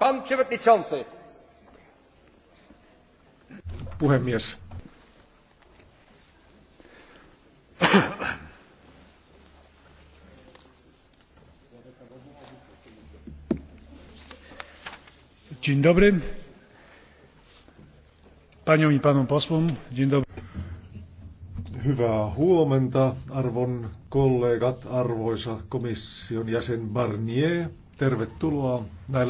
Pan przewodniczący. Puhemies. Dzień dobry. Paniom i panom posłom, dzień dobry. Hyvää huomenta, arvon kollegat, arvoisa komission jäsen Barnier. Tervetuloa näillä